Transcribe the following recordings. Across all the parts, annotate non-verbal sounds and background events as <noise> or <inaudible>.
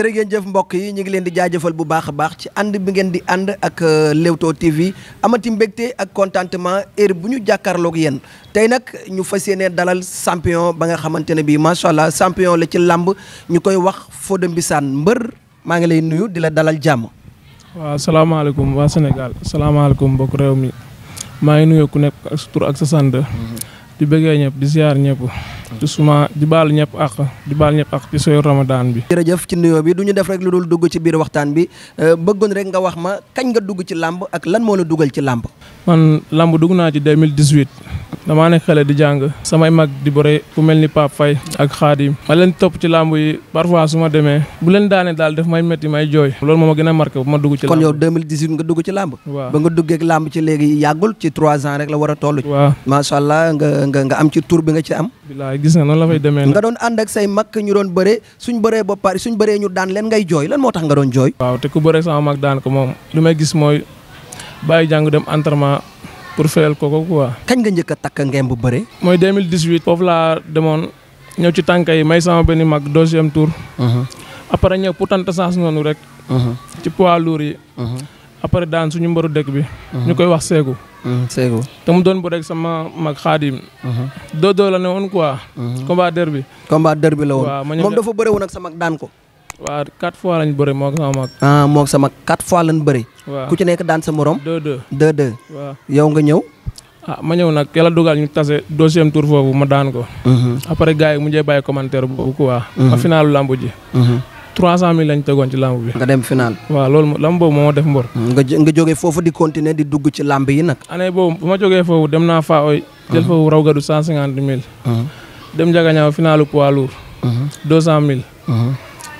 jërë ngeen jëf mbokk yi ñu ngi leen di jaajëfal bu baax a baax ci ànd bi ngeen di ànd ak euh, Leewtoo TV amati mbegte ak contentement heure bu ñu jàkkaarloog yéen tey nag ñu fas yéene dalal sampion ba nga xamante ne bii macha allah champion la ci làmb ñu koy wax Fodé Mbissane mbër maa ngi lay nuyu di la dalal jàmm. waaw salaamaaleykum waa Sénégal salaamaaleykum mbokk réew mi maa ngi nuyu ku nekk ak sa ak sa sant. Mm-hmm. di bëggee ñëpp di ziar ñëpp. justement di baal ñëpp ak di baal ñëpp ak ci sooy ramadaan bi. jërëjëf ci nuyoo bi du ñu def rek lu dul dugg ci biir waxtaan bi bëggoon rek nga wax ma kañ nga dugg ci làmb ak lan moo la dugal ci làmb. man làmb dugg naa ci 2018 damaa nekk xale di jàng samay mag di bëre ni Pape ci làmb yi parfois su ma demee bu leen daane daal def may métti a marqué bu ma dugg ci làmb. kon yow 2018 nga dugg ci làmb. waaw ba nga duggeeg làmb ci léegi yàggul ci 3 ans rek la war a toll. waaw macha allah nga nga am ci tur bi nga ci am. gis nga noonu la fay demee nga doon ànd ak say mag ñu doon bëree suñ bëree ba pare suñ bëree ñu daan leen ngay jooy lan moo tax nga doon jooy waaw te ku bëree sama mag daan ko moom li may gis mooy bàyyi jàng dem entraînement pour fayal ko ko quoi kañ nga njëkk a takk ngeen bu bëree mooy 2018 foofu laa demoon ñëw ci tànk yi may sama benn mag deuxième tour uh-huh. après ñëw pour tante chance noonu rek uh-huh. ci poids lourd yi uh-huh. après daan suñu mbaru dëkk bi. Mhm. ñu koy wax Seeku. Mhm, Seeku te mu doon bu rek sama mag xaadim. Mhm. doodoo la ne woon quoi. combat derby. combat derby la woon. waaw moom dafa bëre woon ak sama mag daan ko. waaw quatre fois lañ bëre moo moo sama mag ah, fois lañ bëre. waaw ku ci nekk daan sa morom. deux deux deux nga ñëw. a ah, ma ñëw nag yàlla dogal ñu tase deuxième tour foofu ma daan ko. après gars mu mujjee bàyyi commentaire bu quoi. a finaalu lamb ji. 300 mil lañ tegoon ci làmb bi. nga dem final. waaw loolu làmb boobu moo def mbor. nga nga jógee foofu di continuer di dugg ci làmb yi nag. année boobu bu ma jógee foofu dem naa faa ooy. jël foofu raw gadu 150 000. Uh-huh. dem Ndiaganiao finalu poids lourd. 200 uh-huh. 000. Uh-huh.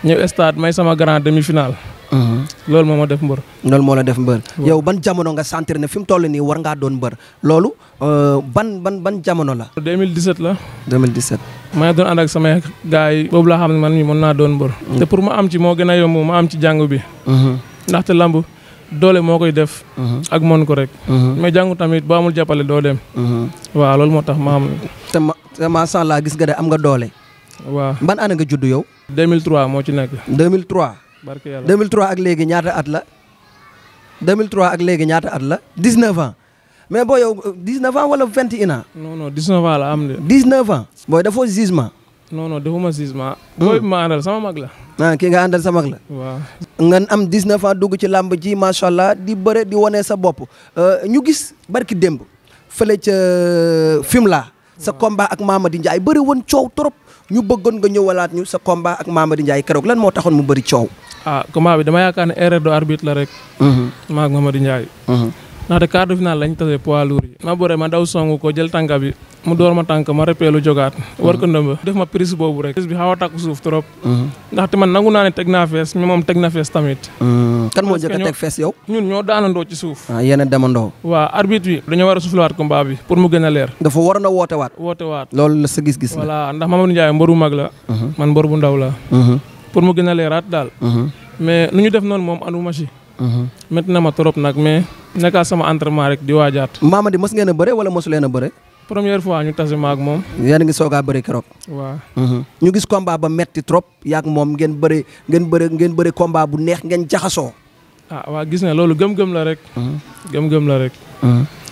ñëw stade may sama grand demi finaal Uh-huh. loolu moo ma def mbër. loolu moo la def mbër. yow ban jamono nga sentir ne fi mu toll nii war ngaa doon mbër loolu euh, ban ban ban jamono la. 2017 la. 2017. maa ngi doon ànd ak samay gars yi. boobu laa xam ne man mii mën naa doon mbër. Mm. te pour ma am ci moo gën a yomb ma am ci jàng bi. Mm-hmm. ndaxte lamb doole moo koy def. Mm-hmm. ak mën ko rek. Mm-hmm. mais jàngu tamit boo amul jàppale doo waaw loolu moo tax ma te ma te allah gis nga de am nga doole. waaw ban année nga judd yow. 2003 moo ci nekk. 2003. barke yàlla 2003 ak léegi ñaata at la. 2003 ak léegi ñaata at la 19 ans mais boo yow 19 ans wala 21 ans. non non 19 ans la am de. 19 ans. booy dafoo gisement. non non defuma gisement. Hmm. booy bi ma àndal sama mag la. ah ki nga àndal sa mag la. ngan nga am 19 ans dugg ci làmb ji macha allah di bëre di wanee sa bopp euh, ñu gis barki démb fële ca euh, Fimela. sa combat ak Mamady Ndiaye bëri woon coow trop ñu bëggoon nga ñëwalaat ñu sa combat ak Mamady Ndiaye keroog lan moo taxoon mu bëri coow. ah combat bi dama yaakaar ne erreur de arbitre la rek. Mhm. maa ak Mamadou Ndiaye. Mhm. ndaxte quart de finale lañ tase poids lourd yi. ma bëre ma daw songu ko jël tànka bi mu door ma tànk ma rëppee lu jogaat. Mhm. war ko ndëmba def ma prise boobu rek. prise bi xaw a takku suuf trop. ndaxte man nangu naa ne teg naa fees mais moom teg na fees tamit. kan moo njëkk a teg fees yow. ñun ñoo daanandoo ci suuf. yeneen ah, yéen a demandoo. waa arbitre bi. dañoo war a suuflawaat combat bi pour mu gën a leer. dafa waroon a woote waat. loolu la sa gis-gis la. voilà ndax Mamadou Ndiaye mbër bu mag la. man mbër bu ndaw la. pour mu gën a leeraat daal. Mhm. mais nu ñu def noonu moom anduma si. métti mhm. na ma trop nag mais nekkaat sama entraînement rek di waajaat. di mos ngeen a bëre wala mosu leen a bëre. première fois ñu tase ma ak moom. yéen a ngi soog a bëri mhm. ñu gis combat ba metti trop yaak moom ngeen bëri ngeen bëri ngeen bëri combat bu neex ngeen jaxasoo. ah waa gis na loolu gëm-gëm la rek. gëm-gëm la rek.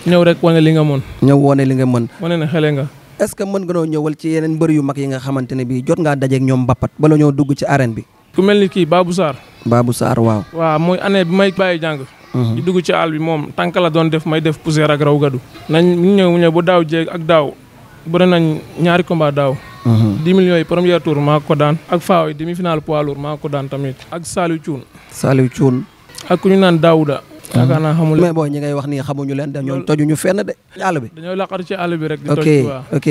ñëw rek wane li nga mën. ñëw wane li nga mën. wane ne nga. est-ce que mën nga noo ñëwal ci yeneen mbër yu mag yi nga xamante ne bii jot ngaa dajeeg ñoom Mbapat bala ñoo dugg ci arène bi. ku mel ni kii Babou Sarr. Babou Sarr waaw. waaw mooy année bi may bàyyi jàng. Mhm. di dugg ci àll bi moom tànk la doon def may def poussière ak raw gadu. nañ ñu ñëw ñëw ba daaw jéeg ak daaw bëri nañ ñaari combat daaw. 10 mhm. millions yi premier tour maa ko daan. ak faaw yi demi final poids lourd maa ko daan tamit. ak Saliou Thioune. Saliou yaakaar naa xamul mais booy ñi ngay wax nii xamuñu leen de ñoom ñu fenn de àll bi dañoo laqatu ci àll bi rek ok ok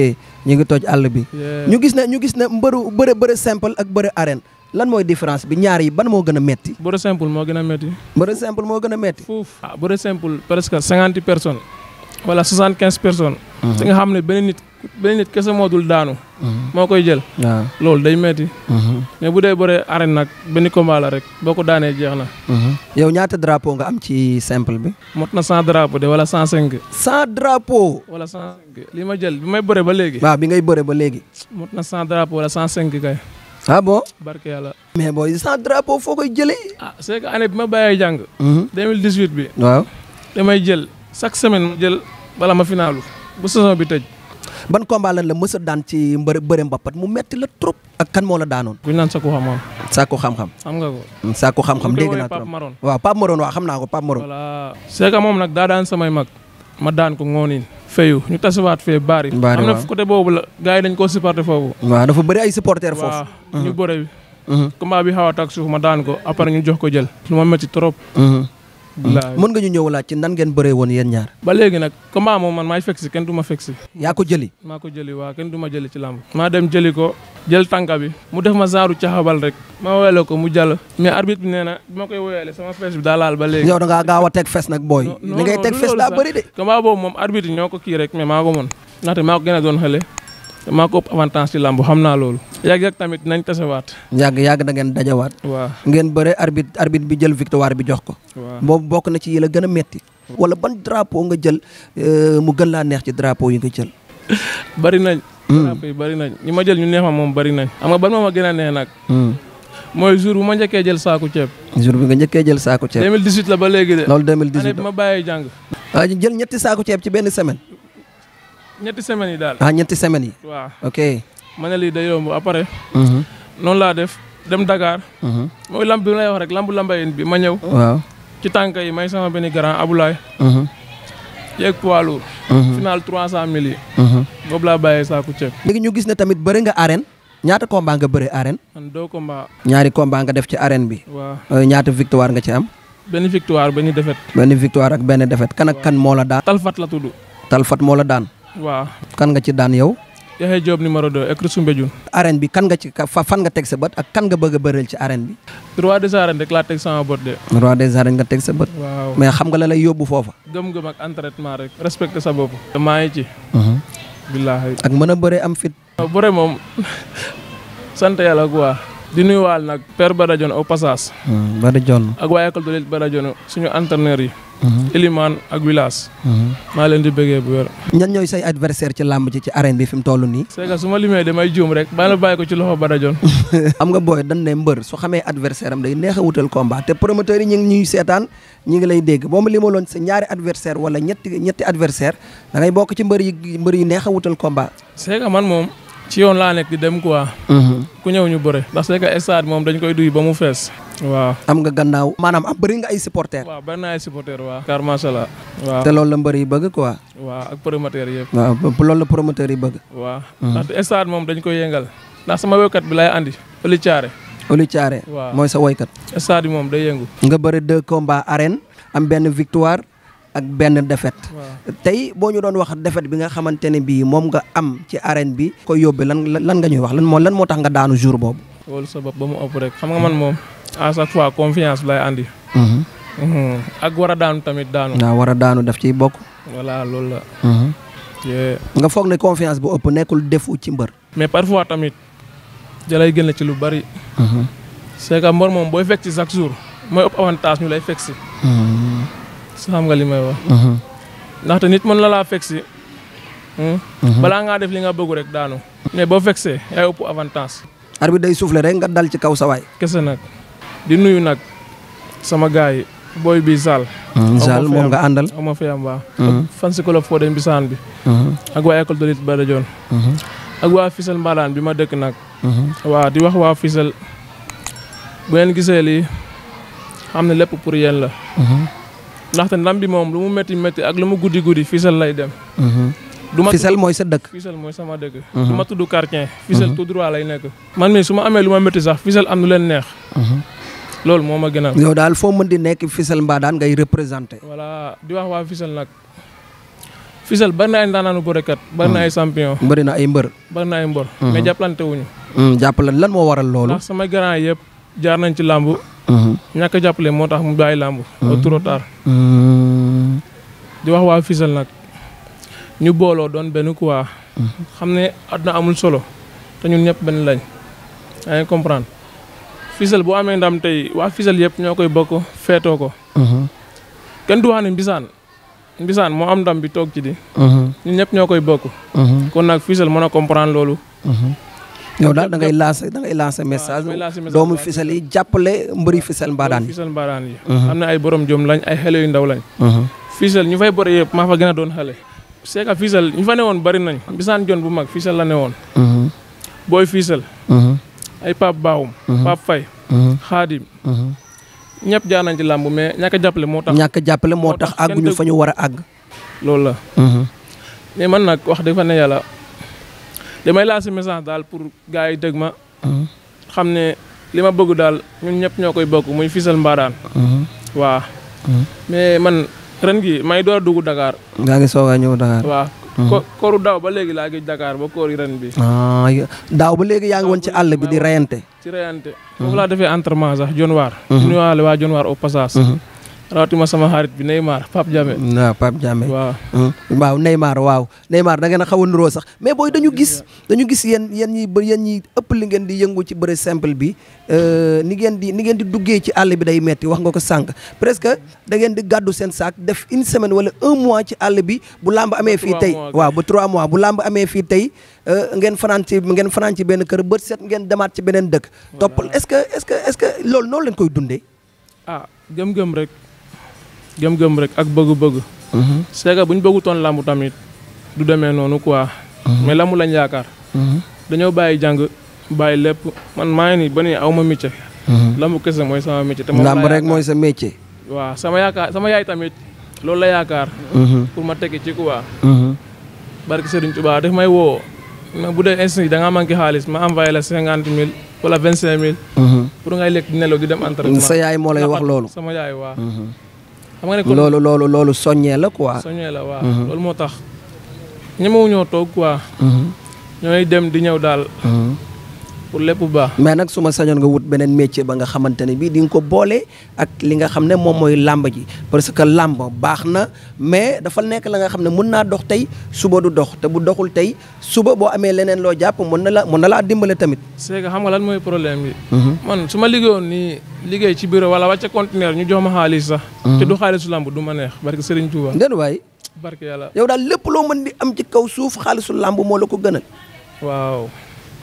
ñu ngi toj àll bi ñu gis ne ñu gis ne mbëru bëre bëre simple ak bëre arène lan mooy différence bi ñaar yi ban moo gën a metti bëre simple moo gën a metti bëre simple moo gën a metti fuuf ah bëre simple presque cinquante personnes wala soixante quinze personnes. te mhm. nga xam ne beneen nit beneen kese moo dul daanu. Mhm. moo koy jël. loolu day metti mhm. mais bu dee bëree arène nag benn combat la rek boo ko daanee jeex na. yow ñaata drapeau nga am ci simple bi. mot na cent drapeau de wala cent cinq. cent drapeau. wala cent cinq li ma jël bi may bëree ba léegi. waaw bi ngay bëree ba léegi. mot na cent drapeau wala cent cinq kay. ah bon. barke yàlla. mais booy cent drapeau foo koy jëlee. ah c'est que année bi ma bàyyee jàng. 2018 bi. waaw damay jël. chaque semaine ma jël bala ma finaalu bu saison bi tëj. ban combat la mës a daan ci mbër bëre mbappat mu metti la trop. ak kan moo la daanoon. ku ñu naan Sakku xam-xam. Sakku xam nga ko. Mm, Sakku xam-xam dégg naa trop Pape Maron. waaw Pape Maron xam naa ko Pape Maron. moom nag daa daan samay mag. ma daan ko ngoonin. feyu ñu tasiwaat fee baari. baari waaw am na côté boobu la gars yi dañ koo supporter foofu. waaw dafa bëri ay supporter foofu. ñu mm-hmm. bëre bi. Mm-hmm. combat bi xaw a tag suuf ma daan ko après ñu jox ko jël. lu ma metti trop. Mm-hmm. Hmm. mën nga ñu ñëw laaj ci nan ngeen bëree woon yéen ñaar ba léegi nag combat moom man maay fekk si kenn du ma fekk si ko jëli maa ko jëli waaw kenn du ma jëli ci làmb maa dem jëli ko jël tànka bi mu def ma saaru caxabal rek ma woyale ko mu jàll mais arbitre bi nee na bi ma koy woyale sama fees bi daa laal ba léegi yow a teg fees nag booy li ngay teg fees daa bëri de combat boobu moom arbitre ñoo ko kii rek mais maa ko mën ndaxte maa ko gën doon xale te maa ko ëpp avantage ci làmb xam naa loolu. yàgg-yàgg tamit nañ waat yàgg-yàgg na ngeen dajawaat. waaw ngeen bëre arbitre arbitre bi jël victoire bi jox ko. waaw boobu bokk na ci yi la gën a metti. wala ban drapeau nga jël euh, mu gën laa neex ci drapeau yi nga jël. <laughs> bari nañ. Hmm. drapeau yi bari nañ ñi ma jël ñu neex ma moom bari nañ. nga ban moom a gën a neex nag. Hmm. mooy jour bu ma njëkkee jël saako ceeb. jour bi nga njëkkee jël saako ceeb. 2018 la ba léegi de. loolu 2018 ma bàyyee jàng. Ah, jël ñetti saako ceeb ci benn semaine. ñetti semaines yi daal. ah ñetti semaines yi. waaw ok. ma ne lii day yomb après. Mhm. noonu laa def dem Dakar. Mhm. mooy lamb bi wax rek lambu lambayen bi ma ñëw. ci tànk yi may sama benn grand Aboulaye. Mhm. yeeg poids lourd. final trois cent mille boobu laa bàyyee saako ceeb. léegi ñu gis ne tamit bëri nga arène. ñaata combat nga bëri arène. man deux ñaari combat nga def ci arène bi. waaw euh, ñaata victoire nga ci am. benn victoire benn défaite. benn victoire ak benn défaite kan kan moo la daan. Talfat la tudd. Talfat moo la daan. waa kan nga ci daan yow. Yaxya Diop numéro 2 écurie Soumbédioune. arène bi kan nga ci fa fan nga teg sa bët ak kan nga bëgg a bëreel ci arène bi. roi des arènes rek laa teg de. roi des arènes nga teg sa bët. waaw xam nga la lay yóbbu foofa. gëm-gëm ak entraînement rek. respecté sa bopp. maa ngi ci. Mhm. billaahi. ak mën a bëree am fit. bëre moom <laughs> sant yàlla quoi. di nuyuwaal nag père Badajon au passage. Mhm, Badajon. ak waa école de lutte Badajon suñu entraîneur yi. Mm-hmm. Elimane ak Wilaas. Mm-hmm. maa leen di bëggee bu wér. ñan ñooy say adversaire ci làmb ci ci arène bi fi mu toll nii. c'est que su ma limee damay juum rek baa la bàyyi ko ci loxo Badajon. <laughs> am nga booy dañ ne mbër su xamee adversaire am day neex a wutal combat te promoteur yi ñu ngi ñuy seetaan ñu ngi lay dégg boo ma limaloon sa ñaari adversaire wala ñetti ñetti adversaire da bokk ci mbër yi mbër yi neex a wutal combat. c'est man moom. ci yoon laa nekk di dem quoi. Mhm. ku ñëw ñu bëre ndax que stade moom dañ koy duy ba mu fees. waaw am nga gannaaw. maanaam am bëri nga ay supporters. waaw bëri naa ay supporters waaw. car macha allah. waaw te loolu la mbër yi bëgg quoi. waaw ak promoteurs yëpp. waaw loolu la promoteurs yi bëgg. waa mhm. ndaxte stade moom dañ koy yëngal ndax sama woykat bi lay andi Oli Thiaré. Oli Thiaré. waaw mooy sa woykat. stade bi moom day yëngu. nga bëri deux combats arène am benn victoire. ak benn défaite tey boo ñu doon wax défaite bi nga xamante ne bii moom nga am ci arène bi koy yóbbe lan lan nga ñuy wax lan moo lan moo tax nga daanu jour boobu loolu sa bopp ba mu ëpp rek xam nga man moom à chaque fois confiance lay andi mm-hmm. Mm-hmm. ak war a daanu tamit daanu waaw war a daanu daf ciy bokk voilà loolu la mm-hmm. nga foog ne confiance bu ëpp nekkul defu ci mbër mais par fois tamit dalay gën ci lu bari c'est que mbër moom booy fekk si chaque jour mooy ëpp avantage ñu lay fekk si su xam nga li may wax. Uh-huh. ndaxte nit mën na laa fekk hmm? uh-huh. balaa ngaa def li nga bëggu rek daanu. mais boo feksee yaay ëpp avantage. arbitre day soufflé rek nga dal ci kaw sa waay. kese nag di nuyu nag sama gars yi booy bi Zal. Uh-huh. Zal moom nga àndal ama fi am baax. fan si club Fodé Mbissane bi. ak waa école de lutte ak waa Fisel Mbalaan bi ma dëkk nag. waa di wax waa Fisel bu ngeen gisee lii xam ne lépp pour yéen la. ndaxte ndam bi moom lu mu métti métti ak lu mu guddi guddi Fissel lay dem. Mhm. du ma Fissel mooy sa dëkk. Fissel mooy sama dëkk. Mhm. du ma tudd quartier. Fissel mhm. tout droit lay nekk. man mii su ma amee lu ma métti sax Fissel am lu leen neex. loolu moom ma gënal. yow daal foo mën di nekk Fissel mbaa daan ngay représenté. voilà di wax waa Fissel nag. Fissel bari na ay ndaanaanu bërekat. bari na ay champion. bari na ay mbër. bari na ay mbër. mais jàppalante wuñu. jàppalante lan moo waral loolu. ndax sama grand yëpp jaar nañ ci làmb. ñàkk a jàppale moo tax mu bàyyi làmb mm-hmm. trop tard mm-hmm. di wax waa Fissel nag ñu booloo doon benn quoi mm-hmm. xam ne àdduna amul solo te ñun ñëpp benn lañ yaa ngi comprendre boo amee ndam tey waa Fissel yëpp ñoo koy bokk feetoo ko kenn du wax ne Mbisaan moo am ndam bi toog ci di ñun ñëpp ñoo koy bokk kon nag Fissel mën a comprendre loolu yow daal da ngay lancer da message. doomu Fissel yi jàppale mbëri Fissel Mbadaan yi. Fissel Mbadaan yi. Mhm. am na ay borom jom lañ ay xale yu ndaw lañ. Mhm. Fissel ñu fay bore yëpp maa fa gën a doon xale. c'est que Fissel ñu fa newoon bari nañ bisaan joon bu mag Fissel la newoon. Mhm. booy Fissel. ay Pape Baoum. Pape Faye. Khadim. ñëpp jaar nañ ci làmb mais ñàkk jàppale moo tax. ñàkk a jàppale moo tax àgguñu fa ñu war a àgg. loolu la. mais man nag wax dëgg fa yàlla. li may lancé message daal pour gars yi dëgg ma. Mhm. xam ne li ma bëgg daal ñun ñëpp ñoo koy bokk muy Fissel Mbadane. Mhm. waa mhm. mais man ren gi may door a dugg dakaar yaa ngi soog a ñëw Dakar. waaw ko kooru daaw ba léegi laa gi Dakar ba koori ren bi. Ah, daaw ba léegi yaa ngi woon ci àll bi di reyante. ci reyante. foofu laa defee entraînement sax Dionewar. nuyuwaale waa Dionewar au passage. rawatina sama xarit bi Neymar Pape waaw Pape Diame waaw. Hmm. da ngeen a xaw nuroo sax mais booy dañu gis dañu gis yéen yéen ñi ba yéen ñi ëpp li ngeen di yëngu ci bëre simple bi euh, ni ngeen di ni ngeen di duggee ci àll bi day metti wax nga ko sànq presque da ngeen di gàddu seen saak def une semaine wala un mois ci àll bi bu làmb amee fii tey waaw ba trois mois bu làmb amee fii tey euh, ngeen fanaan ci ngeen fanaan ci benn kër bët set ngeen demaat ci beneen dëkk toppal est-ce que est-ce que est-ce que loolu noonu lañ koy dundee ah gëm-gëm rek gëm-gëm rek ak bëgg-bëgg. Mhm. c'est que bu ñu bëggutoon làmb tamit du demee noonu quoi. Mhm. mais làmb lañ yaakaar. Mhm. dañoo bàyyi jàng bàyyi lépp man maa ngi nii ba nii aw ma métier. làmb kese mooy sama métier. te moom làmb rek mooy sa métier. waaw sama yaakaar sama yaay tamit loolu la yaakaar. pour ma tekki ci quoi. barke Serigne Touba daf may woo. mais bu dee instant da ngaa xaalis ma envoyé la cinquante mille wala vingt cinq mille. pour ngay lekk di nelaw di dem entraînement. sa yaay moo lay wax loolu. sama yaay waaw. xam nga ne loolu loolu loolu soññee la quoi. soññee la waaw mm-hmm. loolu moo tax ñemewuñoo toog quoi. Mm-hmm. dem di ñëw daal. Mm-hmm. pour lépp bu baax. mais nag suma ma sañoon nga wut beneen métier ba nga xamante ne bii di ko boole ak li nga xam ne moom mooy làmb ji parce que làmb baax na mais dafa nekk la nga xam ne mën naa dox tey suba du dox te bu doxul tey suba boo amee leneen loo jàpp mën na la mën na laa dimbale tamit. c'est que xam nga lan mooy problème bi. Mhm. man su ma liggéeyoon nii liggéey ci biir wala wàcce conteneur ñu jox ma xaalis sax. Mhm. te du xaalisu làmb du ma neex barke Serigne Touba. déedéet waay. barke yàlla yow daal lépp loo mën di am ci kaw suuf xaalisu làmb moo la ko gënal. waaw.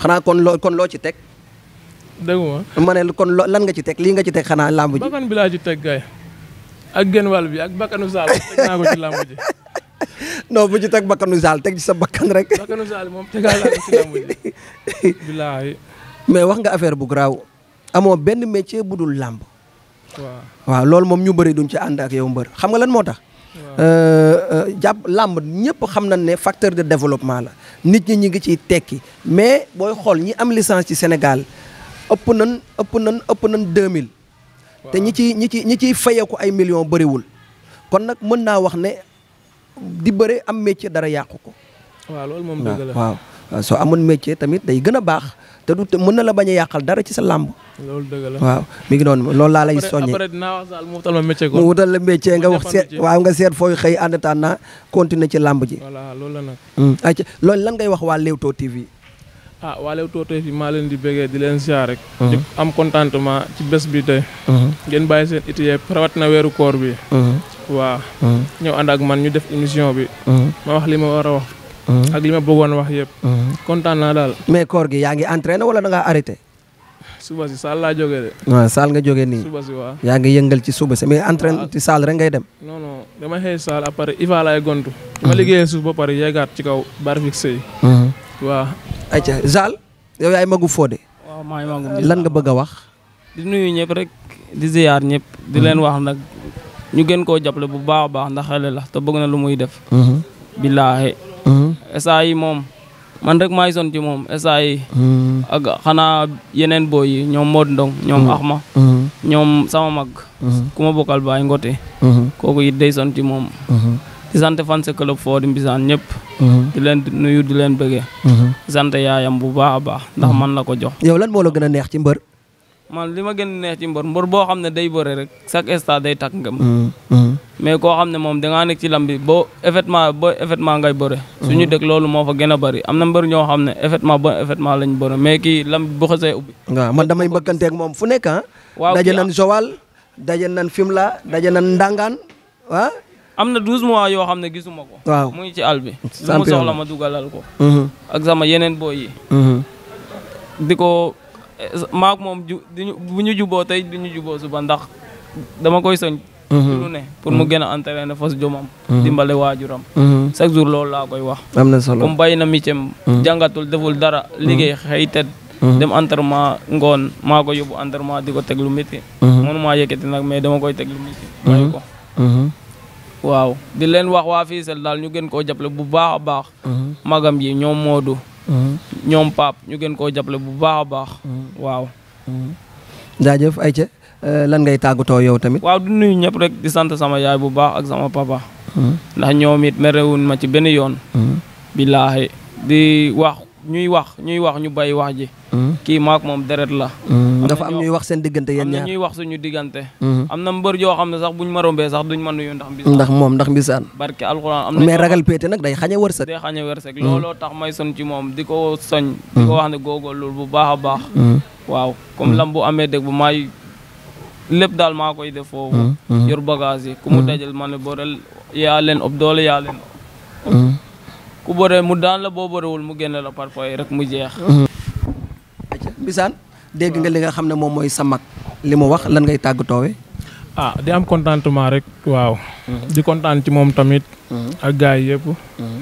xanaa kon loo kon loo ci teg. déggu ma ma ne kon lan nga ci teg lii nga ci teg xanaa làmb ji. bakkan bi ci teg ak genn wàll bi ak bakkanu saal teg naa ci ji. <laughs> teg bakkanu teg ci sa bakkan rek. <laughs> bakkanu saal moom tegaat <laughs> wax nga affaire bu garaaw amoo benn métier bu dul làmb. waaw waaw loolu moom ñu bëri duñ ci ànd ak yow mbër xam nga lan moo tax. Euh, euh, jàpp làmb ñëpp xam nañ ne facteur de développement la nit ñi ñi ngi ciy tekki mais booy xool ñi am licence ci Sénégal ëpp nañ ëpp nañ ëpp nañ 2000. te ñi ciy ñi ci ñi ciy fayeeku ay millions bëriwul kon nag mën naa wax ne di bëre am métier dara yàqu ko. waaw loolu moom dëgg la waaw soo amoon métier tamit day gën a baax. te du mën na la bañ a yàqal dara ci sa làmb. loolu dëgg la waaw mi ngi noonu loolu laa lay. soññee après dinaa wax daal mu wutal ma métier ko. mu wutal la métier nga wax seet waaw nga seet fooy xëy ànd taan naa continuer ci làmb ji. voilà loolu la nag. Hmm, ayca loolu lan ngay wax waa Leewtoo TV. ah waa Leewtoo TV maa leen di bëggee di leen siyaar rek. Hmm. di am contentement ci bés bi tey. Hmm. ngeen bàyyi seen it yëpp rawat na weeru koor bi. waaw. ñëw ànd ak man ñu def émission bi. ma wax li ma war a wax. ak li ma bëggoon wax yëpp. Mhm. kontaan naa daal. mais koor gi yaa ngi entraîné wala da ngaa arrêté. suba si saal laa jógee de. waaw saal nga jógee nii. suba si yaa ngi yëngal ci suba si mais entraîné ci saal rek ngay dem. non non dama xëy saal après Iva laay gontu. ma mhm. liggéeyee suuf ba pare yeegaat ci kaw bar fixé yi. Mhm. waaw. ayca Zal yow yaay magu Fodé. waaw maa lan nga bëgg a wax. di nuyu ñëpp rek di ziar ñëpp. di leen wax nag ñu gën koo jàppale bu baax a baax ndax xale la te bëgg na lu muy def. billaahi. essa yi moom man rek maay son ci moom essa yi hmm. ak xanaa yeneen boo ñoom Mod Ndong ñoom hmm. Axma hmm. ñoom sama mag ku ma bokkal baay ngote kooku it day son ci moom di sant fan sa club mbisaan ñëpp di leen nuyu di leen bëggee di sant yaayam bu baax a baax ndax man la ko jox yow lan moo la gën a neex ci mbër man li ma gën neex ci mbor mbor boo xam ne day bëre rek chaque instant day takk ngëm mm, mm. mais koo xam ne moom danga dangaa nekk ci lam bi boo effectivement boo effectivement ngay bëre mm-hmm. suñu dëkk loolu moo fa gën a bëri am na mbër ñoo xam ne effectivement boo effectivement lañ bëre mais kii lam bu xasee ubbi waaw man damay mbëkkanteeg moom fu nekk ah waaw daje nan Joal daje nan Fimela daje nan Ndangaan ah am na douze mois yoo xam ne gisuma ko waaw mu ngi ci àll bi su ma soxla ma dugalal ko mm-hmm. ak sama yeneen boo mm-hmm. di ko maak moom ju bu ñu juboo tey du ñu juboo suba ndax dama koy soñ mhm. lu ne pour mu mhm. gën a entraîné fas jomam mhm. dimbale waajuram chaque jour loolu laa koy wax am na solo comme bàyyi na micem jàngatul deful dara liggéey xëy tet dem entraînement ngoon maako ko yóbbu entraînement di ko teg lu métti maa yëkkati nag mais dama koy teg lu métti ko waaw di leen wax waa Fissel daal ñu gën koo jàppale bu baax a baax magam yi ñoom moo Modou ñoom Pape ñu gën koo jàppale bu baax a baax. waaw. jaajëf Aïcha euh, lan ngay tàggatoo yow tamit. waaw du nuyu ñëpp rek di sant sama yaay bu baax ak sama papa. ndax ñoom it merewuñ ma ci benn yoon. billaahi di wax ñuy wax ñuy wax ñu bàyyi wax ji. Mm. kii maak moom deret la. Mm. dafa am ñuy wax seen diggante yéen ñaar am ñuy wax suñu diggante mhm. na mbër yoo xam ne sax buñ ma rombee sax duñ mën nuyu ndax mbisaan ndax moom ndax mbisaan barke alxuraan am na mais ragal péete nag day xañe wërsëg day xañe wërsëg mhm. looloo tax may son ci moom di ko soñ di mhm. ko wax ne góorgóorlu bu baax a baax waaw comme lam bu amee dëgg bu maay lépp daal maa koy def foofu yor bagage yi ku mu dajal ma ne boorel yaa leen ëpp doole yaa leen ku bore mu daan la boo borewul mu génne la parfois rek mu jeex bisaan dégg nga li nga xam ne moom mooy sa mag li mu wax lan ngay tàggatoowe ah di am contentement rek waaw mhm. di kontaan ci moom tamit mhm. ak gars yi yëpp mhm.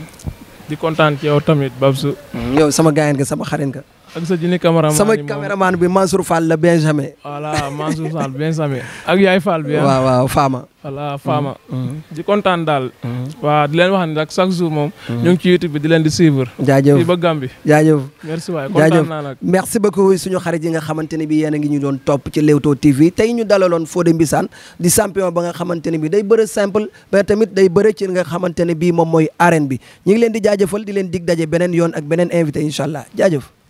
di kontaan ci yow tamit Babsu yow sama gaayan nga sama xarit nga ak sa jëli caméraman sama caméraman bi Mansour Fall la Benjamin. voilà Mansour Fall Benjamin ak yaay Fall bi. Ah. waaw waaw Fama. voilà Fama. Mm, mm. kontaan daal. Mm. waaw leen wax ne nag moom. ñu ngi ci bi di leen di suivre. jaajëf fii ba Gambie. jaajëf merci waay kontaan naa xarit yi nga xamante ne bi yéen a ngi ñu doon topp ci Leewtoo TV tey ñu dalaloon Fodé Mbissane di champion ba nga xamante ne bi day bëre simple mais tamit day bëre nga xamante ne bii moom mooy arène bi ñu ngi leen di jaajëfal di leen dig daje beneen yoon ak beneen invité incha allah jaajëf